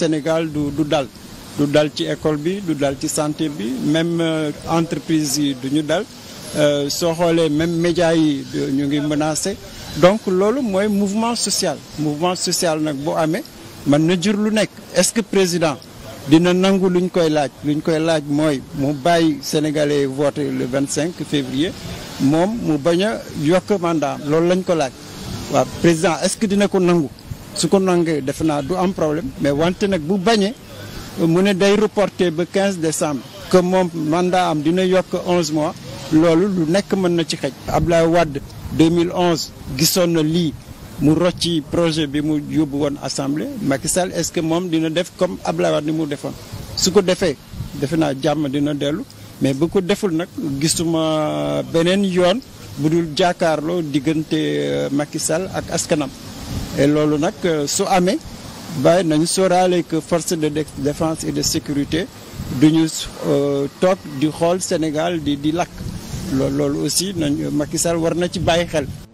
Sénégal du du dal du dal ci école bi du dal ci santé bi même euh, entreprise yi du ñu dal euh, soo xoolee même médias yi ñu ngi menacé donc loolu mooy mouvement social mouvement social nag bu amee man na jur lu nekk est-ce que président dina nangu luñ koy laaj luñ koy laaj mooy mu bàyyi sénégalais voter le vingt cinq février moom mu bañ a yokk mandat loolu lañ ko laaj waaw président est-ce que dina ko nangu su ko nangee defe naa du am problème mais wante nag bu bañee mu ne day reporter ba 15 décembre que moom man daa am dina yokk 11 mois loolu lu nekk mën na ci xëj Abdoulaye Wade 2011 gisoon na lii mu rocci projet bi mu yóbbu woon assemblée Macky Sall est-ce que moom dina def comme Abdoulaye Wade ni mu defoon su ko defee defe naa jàmm dina dellu mais bu ko deful nag gisuma beneen yoon bu dul jàkkaarloo diggante euh, Macky Sall ak askanam loolu nag euh, su amee bàyyi nañu sóoraale que force de défense et de sécurité du ñu euh, toog di xool Sénégal di di lakk loolu loolu aussi nañ Macky Sall na ci bàyyi xel.